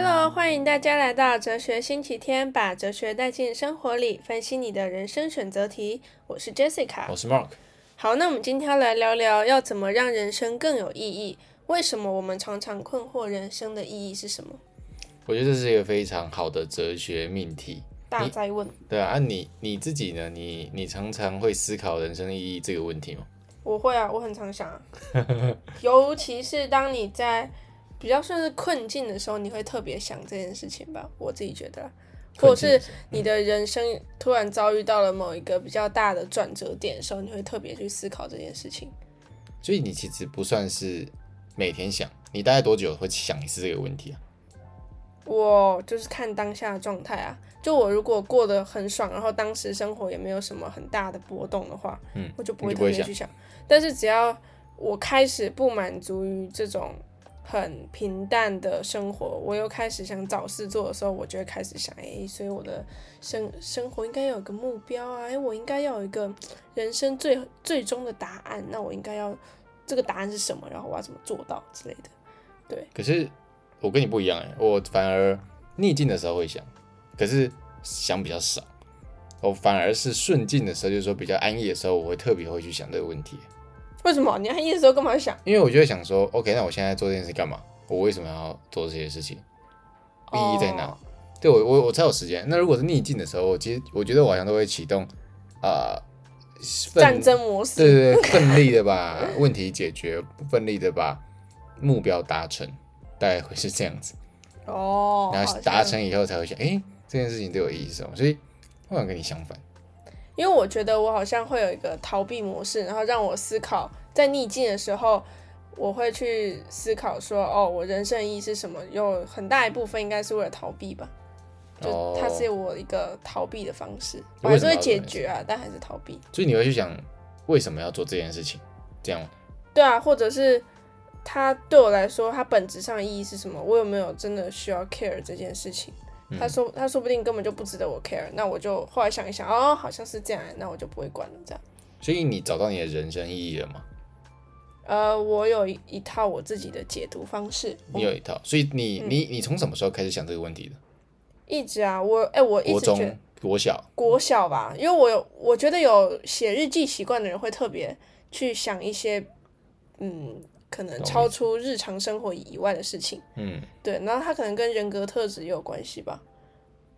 Hello，歡迎大家來到哲學星期天，把哲學帶進生活裡，分析你的人生選擇題。我是 Jessica，我是 Mark。好，那我們今天來聊聊要怎麼讓人生更有意義。為什麼我們常常困惑人生的意義是什麼？我覺得這是一個非常好的哲學命題。大哉問。對啊，你你自己呢？你你常常會思考人生意義這個問題嗎？我會啊，我很常想啊， 尤其是當你在。比較算是困境的時候，你會特別想這件事情吧？我自己覺得，困境，或者是你的人生突然遭遇到了某一個比較大的轉折點的時候，你會特別去思考這件事情。所以你其實不算是每天想，你大概多久會想一次這個問題啊？我就是看當下的狀態啊。就我如果過得很爽，然後當時生活也沒有什麼很大的波動的話，嗯，我就不會特別去想。你就不會想。但是只要我開始不滿足於這種。很平淡的生活，我又開始想找事做的時候，我就會開始想，哎、欸，所以我的生生活應該要有個目標啊，哎、欸，我應該要有一個人生最最終的答案，那我應該要這個答案是什麼？然後我要怎麼做到之類的，對。可是我跟你不一樣、欸，哎，我反而逆境的時候會想，可是想比較少，我反而是順境的時候，就是說比較安逸的時候，我會特別會去想這個問題。為什麼？你那意思要幹嘛想？因為我就會想說，OK，那我現在做這件事幹嘛？我為什麼要做這些事情？Oh. 意義在哪？對我，我我才有時間。那如果是逆境的時候，我其實我覺得我好像都會啟動啊，呃、戰爭模式。對對對，奮力的把問題解決，奮 力的把目標達成，大概會是這樣子。哦，oh, 然後達成以後才會想，誒、oh. 欸，這件事情對我意義是什麼哦。所以我想跟你相反。因為我覺得我好像會有一個逃避模式，然後讓我思考，在逆境的時候，我會去思考說，哦，我人生意義是什麼？有很大一部分應該是為了逃避吧，就它是我一個逃避的方式，我還、哦、是會解決啊，但還是逃避。所以你會去想，為什麼要做這件事情？這樣嗎？對啊，或者是它對我來說，它本質上的意義是什麼？我有沒有真的需要 care 這件事情？嗯、他說，他說不定根本就不值得我 care，那我就後來想一想，哦，好像是這樣，那我就不會管了。這樣，所以你找到你的人生意義了嗎？呃，我有一套我自己的解讀方式，你有一套，所以你、嗯、你你從什麼時候開始想這個問題的？一直啊，我哎、欸，我一直覺得我國，國小國小吧，因為我有我覺得有寫日記習慣的人會特別去想一些，嗯。可能超出日常生活以外的事情，嗯，對，然後它可能跟人格特質也有關係吧，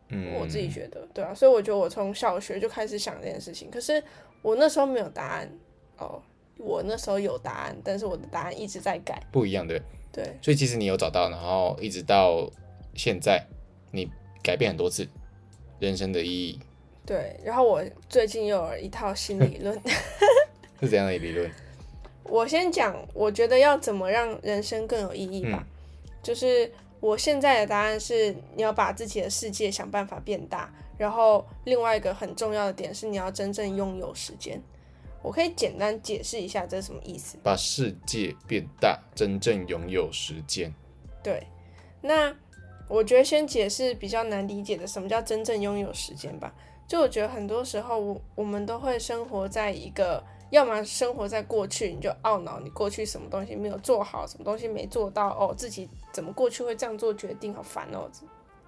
嗯，我自己覺得，對啊，所以我覺得我從小學就開始想這件事情，可是我那時候沒有答案，哦，我那時候有答案，但是我的答案一直在改，不一樣。對，對，對，所以其實你有找到，然後一直到現在，你改變很多次人生的意義，對，然後我最近又有一套新理論， 是怎樣的理論？ 我先講，我覺得要怎麼讓人生更有意義吧，嗯、就是我現在的答案是你要把自己的世界想辦法變大，然後另外一個很重要的點是你要真正擁有時間。我可以簡單解釋一下這是什麼意思？把世界變大，真正擁有時間。對，那我覺得先解釋比較難理解的，什麼叫真正擁有時間吧？就我覺得很多時候我我們都會生活在一個。要麼生活在過去，你就懊惱你過去什麼東西沒有做好，什麼東西沒做到哦，自己怎麼過去會這樣做決定，好煩哦，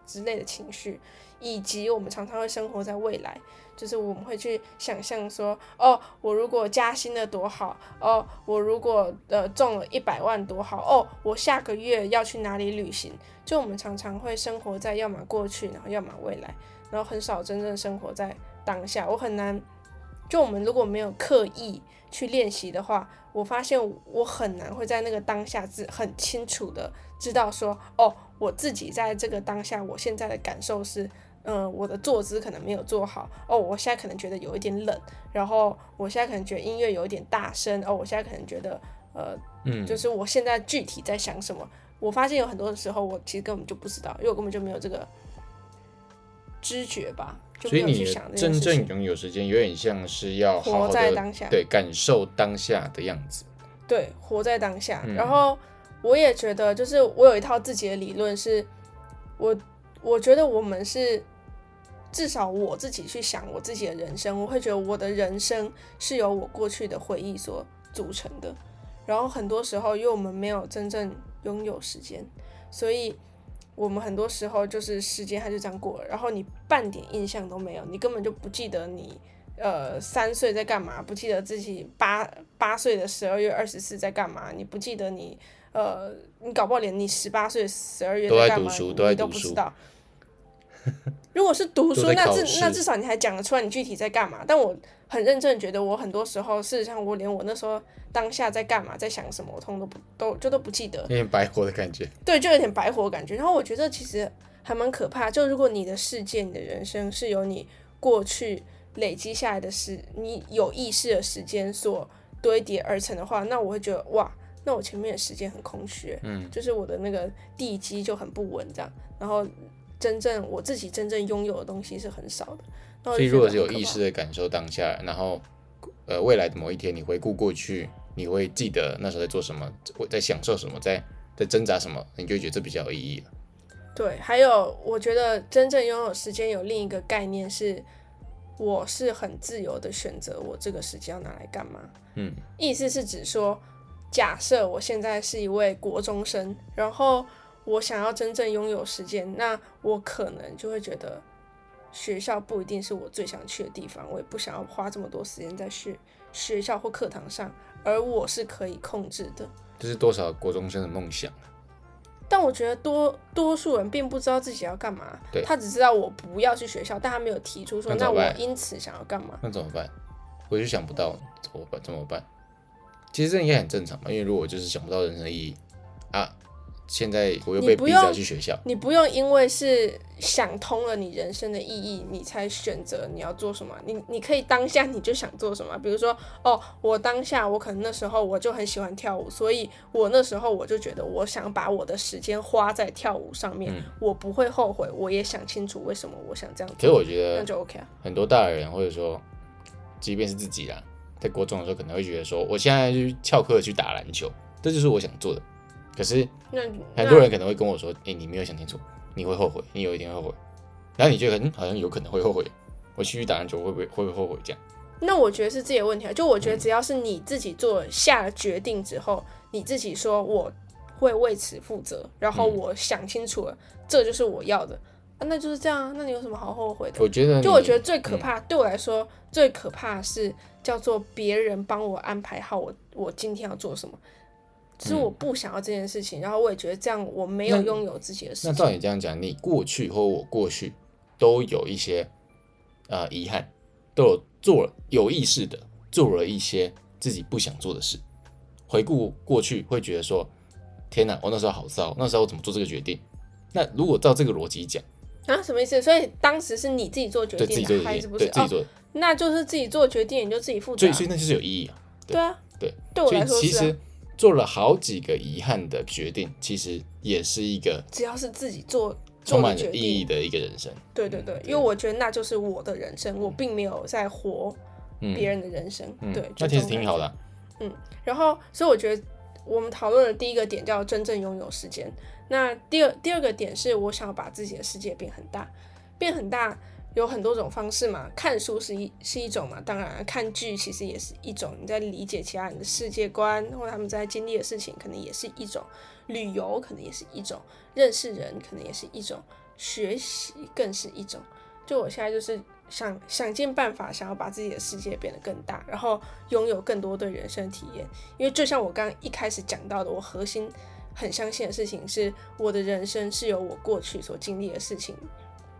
之類的情緒，以及我們常常會生活在未來，就是我們會去想象說，哦，我如果加薪了多好，哦，我如果呃中了一百萬多好，哦，我下個月要去哪裡旅行，就我們常常會生活在要麼過去，然後要麼未來，然後很少真正生活在當下，我很難。就我們如果沒有刻意去練習的話，我發現我很難會在那個當下自很清楚的知道說，哦，我自己在這個當下，我現在的感受是，嗯、呃，我的坐姿可能沒有做好，哦，我現在可能覺得有一點冷，然後我現在可能覺得音樂有一點大聲，哦，我現在可能覺得，呃，嗯，就是我現在具體在想什麼，嗯、我發現有很多的時候，我其實根本就不知道，因為我根本就沒有這個知覺吧。所以你真正擁有時間，有點像是要好好活在當下，對，感受當下的樣子，對，活在當下。然後我也覺得，就是我有一套自己的理論，是我我覺得我們是，至少我自己去想我自己的人生，我會覺得我的人生是由我過去的回憶所組成的。然後很多時候，因為我們沒有真正擁有時間，所以。我們很多時候就是時間，它就這樣過，然後你半點印象都沒有。你根本就不記得你，呃，三歲在幹嘛，不記得自己八八歲的十二月二十四在幹嘛，你不記得你，呃，你搞不好連你十八歲十二月在幹嘛都在讀書，你都不知道。 如果是讀書，那至那至少你還講得出來你具體在幹嘛。但我很認真覺得，我很多時候事實上我連我那時候當下在幹嘛、在想什麼，我通通都不都就都不記得。有點白活的感覺。對，就有點白活的感覺。然後我覺得其實還蠻可怕。就如果你的世界、你的人生是由你過去累積下來的時、你有意識的時間所堆疊而成的話，那我會覺得哇，那我前面的時間很空虛。嗯。就是我的那個地基就很不穩，這樣。然後。真正我自己真正擁有的東西是很少的。所以，如果是有意識的感受當下，然後，呃，未來的某一天你回顧過去，你會記得那時候在做什麼，在享受什麼，在在掙扎什麼，你就會覺得這比較有意義了。對，還有，我覺得真正擁有時間有另一個概念是，我是很自由的選擇我這個時間要拿來幹嘛。嗯，意思是指說，假設我現在是一位國中生，然後。我想要真正擁有時間，那我可能就會覺得學校不一定是我最想去的地方，我也不想要花這麼多時間在學學校或課堂上，而我是可以控制的。這是多少國中生的夢想啊！但我覺得多多數人並不知道自己要幹嘛，對他只知道我不要去學校，但他沒有提出說那，那我因此想要幹嘛？那怎麼辦？我就想不到怎麼辦？怎麼辦？其實這應該很正常吧，因為如果就是想不到人生的意義啊。現在我又被逼着去學校。你，你不用因為是想通了你人生的意義，你才選擇你要做什麼。你你可以當下你就想做什麼，比如說哦，我當下我可能那時候我就很喜歡跳舞，所以我那時候我就覺得我想把我的時間花在跳舞上面，嗯、我不會後悔，我也想清楚為什麼我想這樣做。可是我覺得那就 OK 啊。很多大人或者說，即便是自己啊，在國中的時候可能會覺得說，我現在去翹課去打籃球，這就是我想做的。可是，很多人可能會跟我說：“哎、欸，你沒有想清楚，你會後悔，你有一天會後悔。”然後你覺得，嗯，好像有可能會後悔。我繼續打籃球會不會會不會後悔？這樣？那我覺得是自己的問題啊。就我覺得，只要是你自己做了下了決定之後，嗯、你自己說我會為此負責，然後我想清楚了，嗯、這就是我要的，啊、那就是這樣啊。那你有什麼好後悔的？我覺得，就我覺得最可怕，嗯、對我來說最可怕是叫做別人幫我安排好我，我今天要做什麼。是我不想要這件事情，嗯、然後我也覺得這樣我沒有擁有自己的事。那照你這樣講，你過去或我過去都有一些呃遺憾，都有做了有意識的做了一些自己不想做的事。回顧過去會覺得說，天哪，我、哦、那時候好糟，那時候我怎麼做這個決定？那如果照這個邏輯講啊，什麼意思？所以當時是你自己做決定，還是自己做決定，自己做，那就是自己做決定，你就自己負責、啊。所以，所以那就是有意義啊。對,對啊，對，對,對我來說、啊、其實做了好幾個遺憾的決定，其實也是一個只要是自己做充滿意義的一個人生。對對對，因為我覺得那就是我的人生，嗯、我並沒有在活別人的人生。嗯、對、嗯嗯，那其實挺好的、啊。嗯，然後所以我覺得我們討論的第一個點叫真正擁有時間，那第二第二個點是我想要把自己的世界變很大，變很大。有很多種方式嘛，看書是一是一種嘛，當然看劇其實也是一種，你在理解其他人的世界觀，或他們在經歷的事情，可能也是一種；旅遊可能也是一種，認識人可能也是一種，學習更是一種。就我現在就是想想盡辦法，想要把自己的世界變得更大，然後擁有更多對人生的體驗。因為就像我剛剛一開始講到的，我核心很相信的事情是，我的人生是由我過去所經歷的事情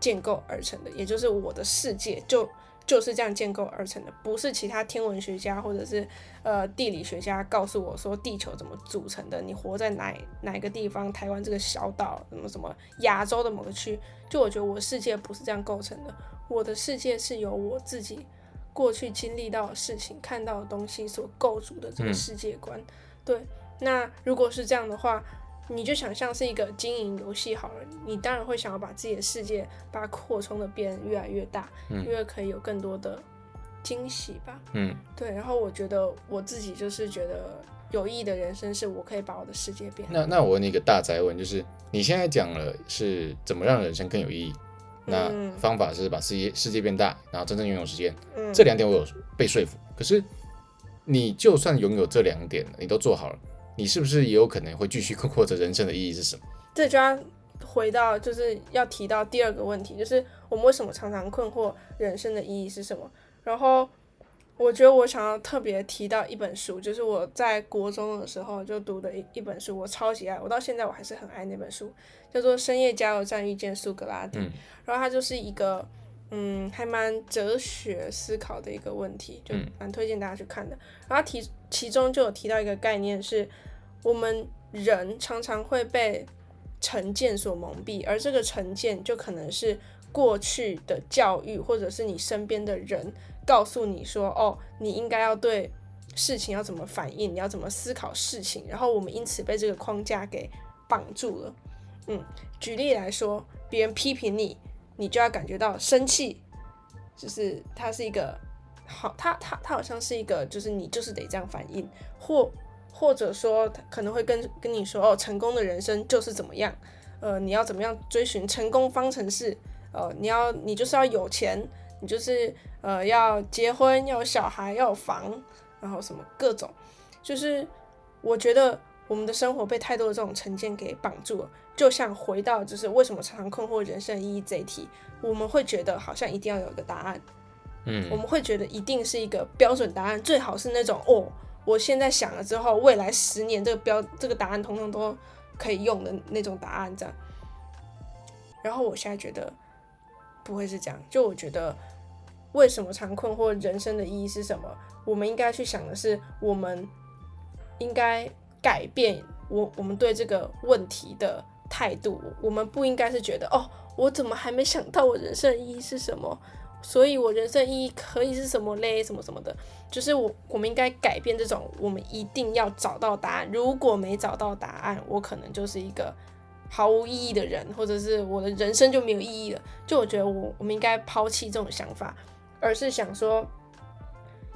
建構而成的，也就是我的世界就就是這樣建構而成的，不是其他天文學家或者是呃地理學家告訴我說地球怎麼組成的，你活在哪哪個地方，台灣這個小島，什麼什麼亞洲的某個區，就我覺得我世界不是這樣構成的，我的世界是由我自己過去經歷到的事情、看到的東西所構築的這個世界觀。嗯、對，那如果是這樣的話。你就想像是一個經營遊戲好了，你當然會想要把自己的世界把它擴充的變越來越大，嗯，因為可以有更多的驚喜吧。嗯，對。然後我覺得我自己就是覺得有意義的人生是我可以把我的世界變那。那那我問你一個大哉問就是，你現在講了是怎麼讓人生更有意義？那方法是把世界世界變大，然後真正擁有時間。嗯，這兩點我有被說服。可是你就算擁有這兩點，你都做好了。你是不是也有可能會繼續困惑着人生的意義是什麼？這就要回到，就是要提到第二個問題，就是我們為什麼常常困惑人生的意義是什麼？然後，我覺得我想要特別提到一本書，就是我在國中的時候就讀的一一本書，我超級愛，我到現在我還是很愛那本書，叫做《深夜加油站遇見蘇格拉底》。嗯。然後它就是一個。嗯，還蠻哲學思考的一個問題，就蠻推薦大家去看的。然後提其中就有提到一個概念是，我們人常常會被成見所蒙蔽，而這個成見就可能是過去的教育，或者是你身邊的人告訴你說，哦，你應該要對事情要怎麼反應，你要怎麼思考事情，然後我們因此被這個框架給綁住了。嗯，舉例來說，別人批評你，你就要感覺到生氣，就是他是一個好，他他他好像是一個，就是你就是得這樣反應，或或者說他可能會跟跟你說，哦，成功的人生就是怎麼樣，呃，你要怎麼樣追尋成功方程式，呃，你要你就是要有錢，你就是呃要結婚，要有小孩，要有房，然後什麼各種，就是我覺得。我們的生活被太多的這種成見給綁住了，就像回到就是為什麼常常困惑人生的意義這一題，我們會覺得好像一定要有一個答案，嗯，我們會覺得一定是一個標準答案，最好是那種哦，我現在想了之後，未來十年這個標這個答案通通都可以用的那種答案，這樣。然後我現在覺得不會是這樣，就我覺得為什麼常困惑人生的意義是什麼？我們應該去想的是，我們應該。改變我我們對這個問題的態度，我們不應該是覺得哦，我怎麼還沒想到我人生意義是什麼？所以，我人生意義可以是什麼嘞？什麼什麼的，就是我我們應該改變這種，我們一定要找到答案。如果沒找到答案，我可能就是一個毫無意義的人，或者是我的人生就沒有意義了。就我覺得我，我我們應該拋棄這種想法，而是想說。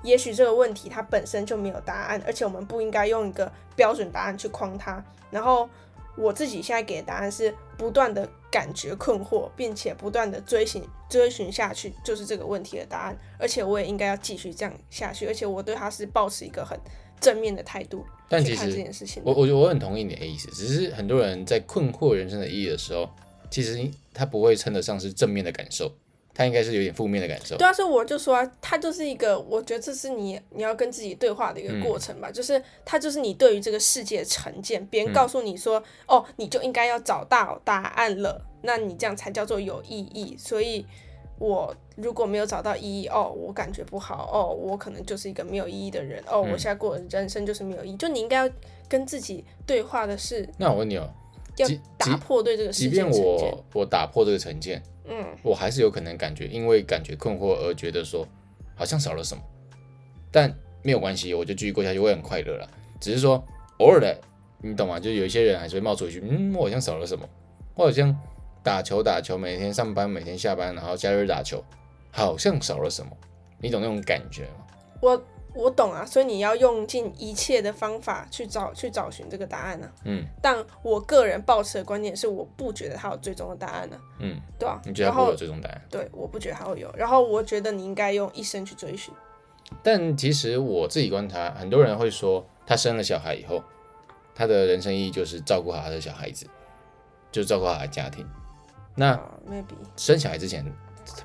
也許這個問題它本身就沒有答案，而且我們不應該用一個標準答案去框它。然後我自己現在給的答案是不斷的感覺困惑，並且不斷的追尋追尋下去，就是這個問題的答案。而且我也應該要繼續這樣下去，而且我對它是抱持一個很正面的態度。但其實我，我我覺得我很同意你的意思，只是很多人在困惑人生的意義的時候，其實他不會稱得上是正面的感受。他應該是有點負面的感受。對啊，所以我就說、啊，他就是一個，我覺得這是你你要跟自己對話的一個過程吧，嗯、就是他就是你對於這個世界的成見，別人告訴你說，嗯、哦，你就應該要找到答案了，那你這樣才叫做有意義。所以，我如果沒有找到意義，哦，我感覺不好，哦，我可能就是一個沒有意義的人，嗯、哦，我現在過的人生就是沒有意義。就你應該要跟自己對話的是。那我問你哦，要打破對這個世界的成見。即，即，即便我我打破這個成見。嗯，我還是有可能感覺，因為感覺困惑而覺得說，好像少了什麼，但沒有關係，我就繼續過下去，會很快樂了。只是說偶爾的，你懂嗎？就有一些人還是會冒出一句，嗯，我好像少了什麼，我好像打球打球，每天上班每天下班，然後假日打球，好像少了什麼，你懂那種感覺嗎？我。我懂啊，所以你要用盡一切的方法去找、去找尋這個答案呢、啊。嗯，但我個人抱持的觀點是，我不覺得他有最終的答案呢、啊。嗯，對啊，你覺得他會有後最終答案？對，我不覺得他會有。然後我覺得你應該用一生去追尋。但其實我自己觀察，很多人會說，他生了小孩以後，他的人生意義就是照顧好他的小孩子，就照顧好他的家庭。那沒比、oh, maybe. 生小孩之前，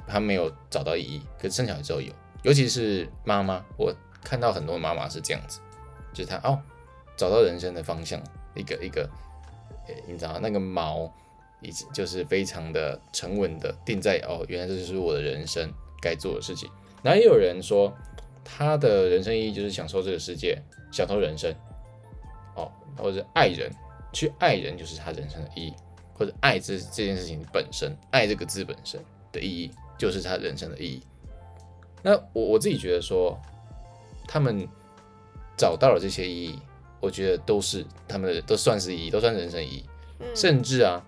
他沒有找到意義，可是生小孩之後有，尤其是媽媽我。看到很多媽媽是這樣子，就是她哦，找到人生的方向，一個一個，欸，你知道那個錨，已經就是非常的沉穩的定在哦，原來這就是我的人生該做的事情。然後也有人說，他的人生意義就是享受這個世界，享受人生哦，或者愛人，去愛人就是他人生的意義，或者愛這這件事情本身，愛這個字本身的意義就是他人生的意義。那我我自己覺得說。他們找到了這些意義，我覺得都是他們的，都算是意義，都算人生意義。嗯、甚至啊，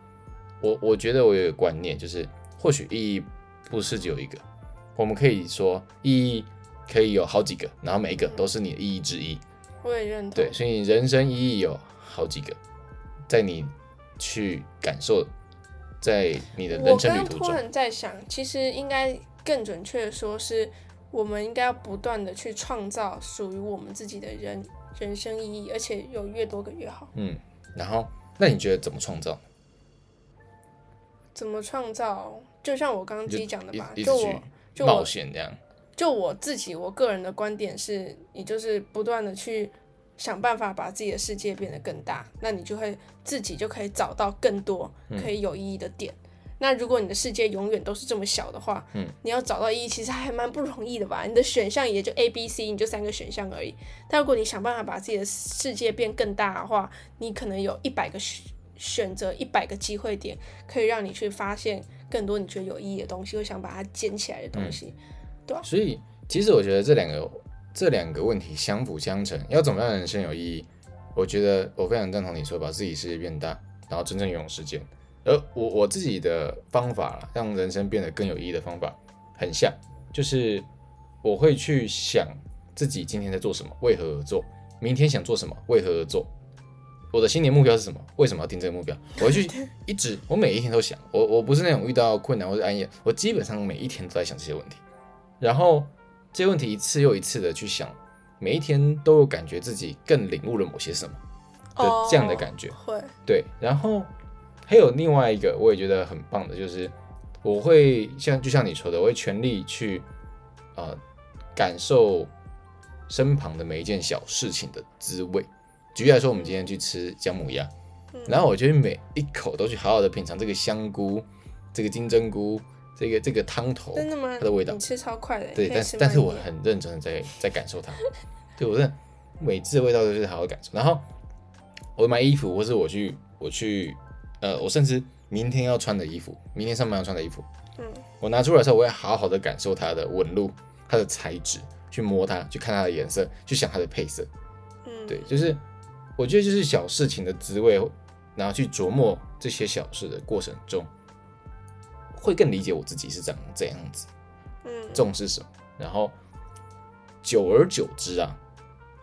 我我覺得我有個觀念，就是或許意義不是只有一個，我們可以說意義可以有好幾個，然後每一個都是你的意義之一。嗯、我也認同。對，所以人生意義有好幾個，在你去感受，在你的人生旅途中。我剛剛突然在想，其實應該更準確的說是。我們應該要不斷的去創造屬於我們自己的人人生意義，而且有越多個越好。嗯，然後那你覺得怎麼創造？嗯，怎麼創造？就像我剛剛自己講的吧，就，就我冒險這樣就，就我自己，我個人的觀點是，你就是不斷的去想辦法把自己的世界變得更大，那你就會自己就可以找到更多可以有意義的點。嗯那如果你的世界永遠都是這麼小的話，嗯，你要找到意義其實還蠻不容易的吧？你的選項也就 A、B、C，你就三個選項而已。但如果你想辦法把自己的世界變更大的話，你可能有一百個選選擇，一百個機會點，可以讓你去發現更多你覺得有意義的東西，或想把它撿起來的東西。嗯，對啊。所以其實我覺得這兩個這兩個問題相輔相成。要怎麼樣的人生有意義？我覺得我非常贊同你說，把自己世界變大，然後真正擁有世界。而我我自己的方法，讓人生變得更有意義的方法，很像，就是我會去想自己今天在做什麼，為何而做；明天想做什麼，為何而做；我的新年目標是什麼，為什麼要定這個目標？我會去一直，我每一天都想，我我不是那種遇到困難或者暗夜，我基本上每一天都在想這些問題，然後這些問題一次又一次的去想，每一天都有感覺自己更領悟了某些什麼、哦、這樣的感覺，會對，然後。還有另外一個，我也覺得很棒的，就是我會像就像你說的，我會全力去，呃，感受身旁的每一件小事情的滋味。舉例來說，我們今天去吃薑母鴨，嗯、然後我覺得每一口都去好好的品嘗這個香菇、這個金針菇、這個這個湯頭。真的嗎？它的味道你吃超快的。對，但但是我很認真的在在感受它。 對，我是每次的味道都是好好的感受。然後我買衣服，或是我去我去，呃，我甚至明天要穿的衣服，明天上班要穿的衣服，嗯，我拿出來的時候，我會好好的感受它的紋路、它的材質，去摸它，去看它的顏色，去想它的配色，嗯，對，就是我覺得就是小事情的滋味，然後去琢磨這些小事的過程中，會更理解我自己是長這樣子，嗯，重視什麼，然後久而久之啊，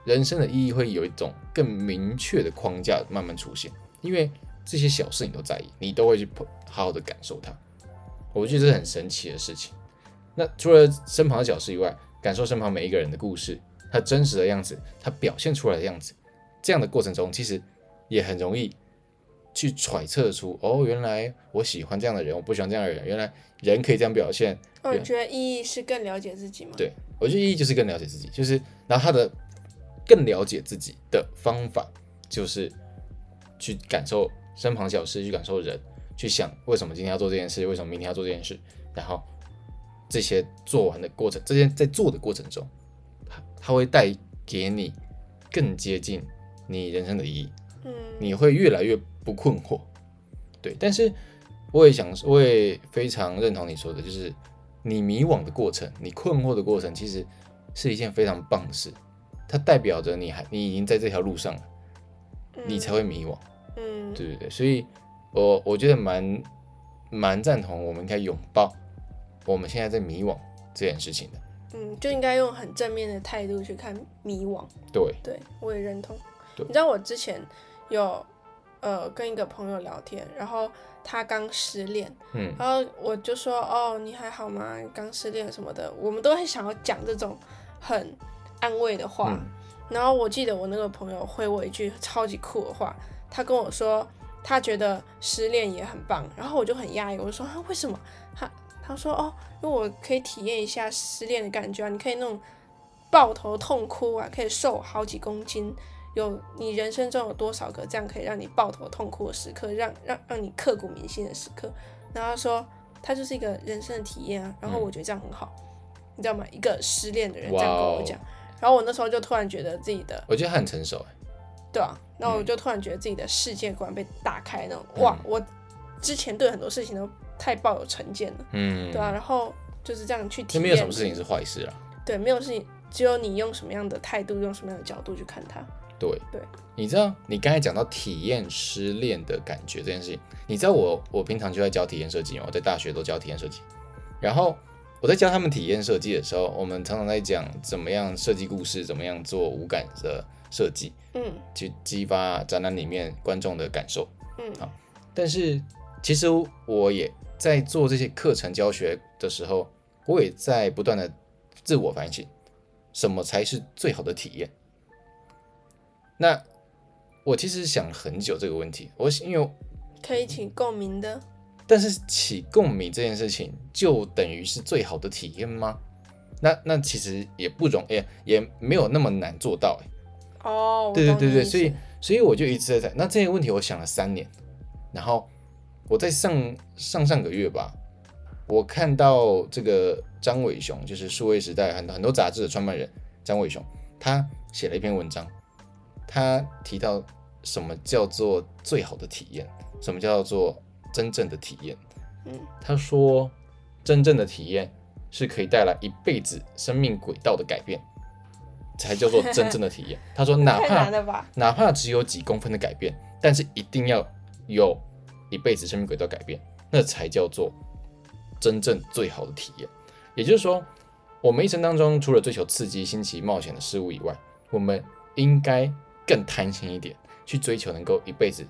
人生的意義會有一種更明確的框架慢慢出現，因為。這些小事你都在意，你都會去好好的感受它。我覺得這是很神奇的事情。那除了身旁的小事以外，感受身旁每一個人的故事，他真實的樣子，他表現出來的樣子，這樣的過程中，其實也很容易去揣測出：哦，原來我喜歡這樣的人，我不喜歡這樣的人。原來人可以這樣表現。我、哦、原……覺得意義是更了解自己嗎？對，我覺得意義就是更了解自己，就是然後他的更了解自己的方法就是去感受。身旁小事去感受人，去想為什麼今天要做這件事，為什麼明天要做這件事，然後這些做完的過程，這些在做的過程中，它會帶給你更接近你人生的意義。你會越來越不困惑。對，但是我也想說，我也非常認同你說的，就是你迷惘的過程，你困惑的過程，其實是一件非常棒的事，它代表着你還你已經在這條路上了，你才會迷惘。嗯，對對對所以我我覺得蠻蠻贊同，我們應該擁抱我們現在在迷惘這件事情的。嗯，就應該用很正面的態度去看迷惘。對，對我也認同。對，你知道我之前有呃跟一個朋友聊天，然後他剛失戀，嗯，然後我就說哦，你還好嗎？剛失戀什麼的，我們都很想要講這種很安慰的話。嗯，然後我記得我那個朋友回我一句超級酷的話。他跟我說，他覺得失戀也很棒，然後我就很訝異，我就說啊，為什麼？他他說哦，因為我可以體驗一下失戀的感覺啊，你可以那種抱頭痛哭啊，可以瘦好幾公斤，有你人生中有多少個這樣可以讓你抱頭痛哭的時刻，讓讓讓你刻骨銘心的時刻。然後他說，他就是一個人生的體驗啊，然後我覺得這樣很好，嗯、你知道嗎？一個失戀的人這樣跟我講，哦、然後我那時候就突然覺得自己的，我覺得他很成熟對啊，那我就突然覺得自己的世界觀被打開了，嗯、哇！我之前對很多事情都太抱有成見了，嗯，對啊，然後就是這樣去體驗，沒有什麼事情是壞事啊，對，沒有事情，只有你用什麼樣的態度，用什麼樣的角度去看它，對對，對你知道，你剛才講到體驗失戀的感覺這件事情，你知道我我平常就在教體驗設計嘛，我在大學都教體驗設計，然後我在教他們體驗設計的時候，我們常常在講怎麼樣設計故事，怎麼樣做五感的。設計，嗯，去激發展覽裡面觀眾的感受，嗯，好、啊。但是其實我也在做這些課程教學的時候，我也在不斷的自我反省，什麼才是最好的體驗？那我其實想了很久這個問題，我是因為可以起共鳴的，但是起共鳴這件事情就等於是最好的體驗嗎？那那其實也不容，哎，也沒有那麼難做到、欸，哦，oh, 對對對對，所以所以我就一直在那這個問題，我想了三年，然後我在上上上個月吧，我看到這個張偉雄，就是數位時代很多很多雜誌的創辦人張偉雄，他寫了一篇文章，他提到什麼叫做最好的體驗，什麼叫做真正的體驗，嗯，他說真正的體驗是可以帶來一輩子生命軌道的改變。才叫做真正的體驗。 他說，哪怕哪怕只有幾公分的改變，但是一定要有一輩子生命軌道改變，那才叫做真正最好的體驗。也就是說，我們一生當中除了追求刺激、新奇、冒險的事物以外，我們應該更貪心一點，去追求能夠一輩子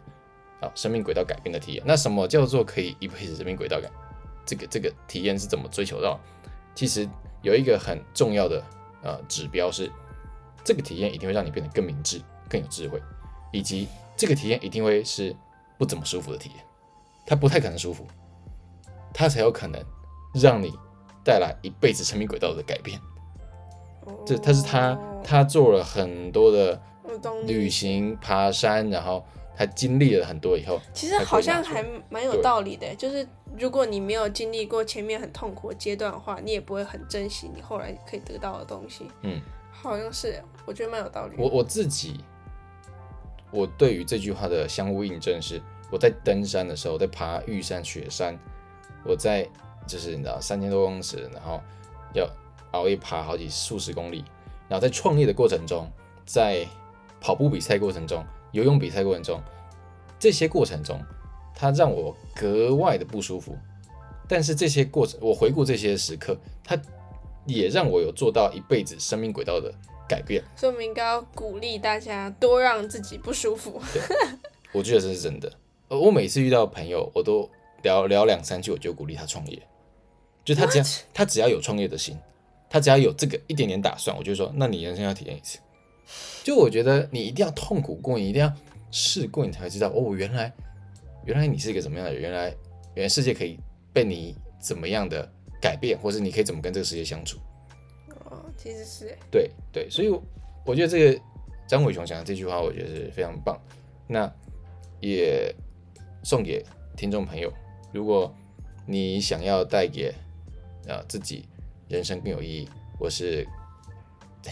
啊生命軌道改變的體驗。那什麼叫做可以一輩子生命軌道改？這個這個體驗是怎麼追求到的？其實有一個很重要的呃指標是。這個體驗一定會讓你變得更明智、更有智慧，以及這個體驗一定會是不怎麼舒服的體驗，它不太可能舒服，它才有可能讓你帶來一輩子生命軌道的改變。這、哦，他是他，他做了很多的旅行、爬山，然後他經歷了很多以後，其實好像還蠻有道理的。對就是如果你沒有經歷過前面很痛苦的階段的話，你也不會很珍惜你後來可以得到的東西。嗯。好像是，我覺得蠻有道理的。我我自己，我對於這句話的相互印證是：我在登山的時候，在爬玉山雪山，我在就是你知道三千多公尺，然後要熬夜爬好幾數十公里，然後在創業的過程中，在跑步比賽過程中、游泳比賽過程中，這些過程中，它讓我格外的不舒服。但是這些過程，我回顧這些時刻，它。也讓我有做到一輩子生命軌道的改變，所以我應該要鼓勵大家多讓自己不舒服。 我覺得這是真的。呃，我每次遇到朋友，我都聊聊兩三句，我就鼓勵他創業。就他只要 What? 他只要有創業的心，他只要有這個一點點打算，我就說：那你人生要體驗一次。就我覺得你一定要痛苦過，你一定要試過，你才會知道哦，原來原來你是一個怎麼樣的人，原來原來世界可以被你怎麼樣的。改變，或是你可以怎麼跟這個世界相處？哦，其實是對對，所以，我覺得這個張偉雄講的這句話，我覺得是非常棒。那也送給聽眾朋友，如果你想要帶給啊、呃、自己人生更有意義，或是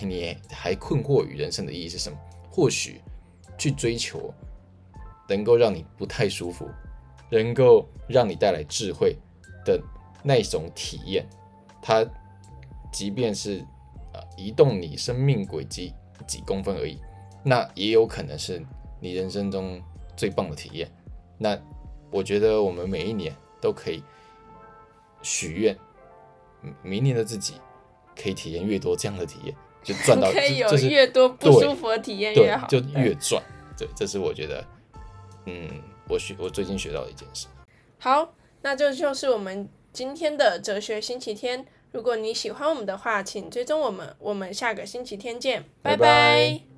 你還困惑於人生的意義是什麼，或許去追求能夠讓你不太舒服，能夠讓你帶來智慧的。那一種體驗，它即便是啊移動你生命軌跡幾公分而已，那也有可能是你人生中最棒的體驗。那我覺得我們每一年都可以許願，明年的自己可以體驗越多這樣的體驗，就賺到，就是越多不舒服的體驗越好，就越賺。對，對，這是我覺得，嗯，我學我最近學到的一件事。好，那就就是我們。今天的哲學星期天，如果你喜歡我們的話，請追蹤我們。我們下個星期天見，拜拜。拜拜。